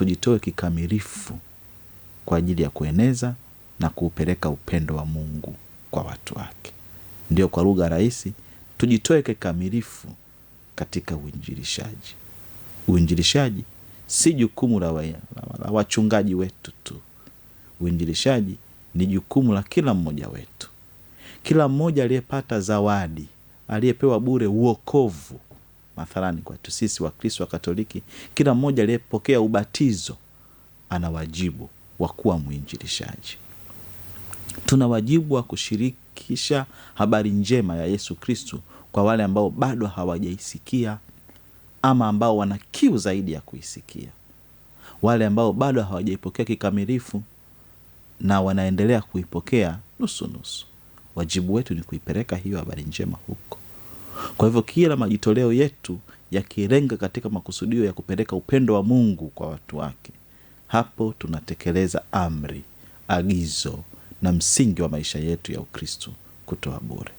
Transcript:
tujitoe kikamilifu kwa ajili ya kueneza na kuupeleka upendo wa Mungu kwa watu wake. Ndio kwa lugha rahisi, tujitoe kikamilifu katika uinjilishaji. Uinjilishaji si jukumu la, wa, la wachungaji wetu tu. Uinjilishaji ni jukumu la kila mmoja wetu, kila mmoja aliyepata zawadi, aliyepewa bure uokovu mathalani kwetu sisi Wakristo wa Katoliki, kila mmoja aliyepokea ubatizo ana wajibu wa kuwa mwinjilishaji. Tuna wajibu wa kushirikisha habari njema ya Yesu Kristu kwa wale ambao bado hawajaisikia ama ambao wana kiu zaidi ya kuisikia, wale ambao bado hawajaipokea kikamilifu na wanaendelea kuipokea nusu nusu. Wajibu wetu ni kuipeleka hiyo habari njema huko. Kwa hivyo kila majitoleo yetu yakilenga katika makusudio ya kupeleka upendo wa Mungu kwa watu wake, hapo tunatekeleza amri, agizo na msingi wa maisha yetu ya Ukristo, kutoa bure.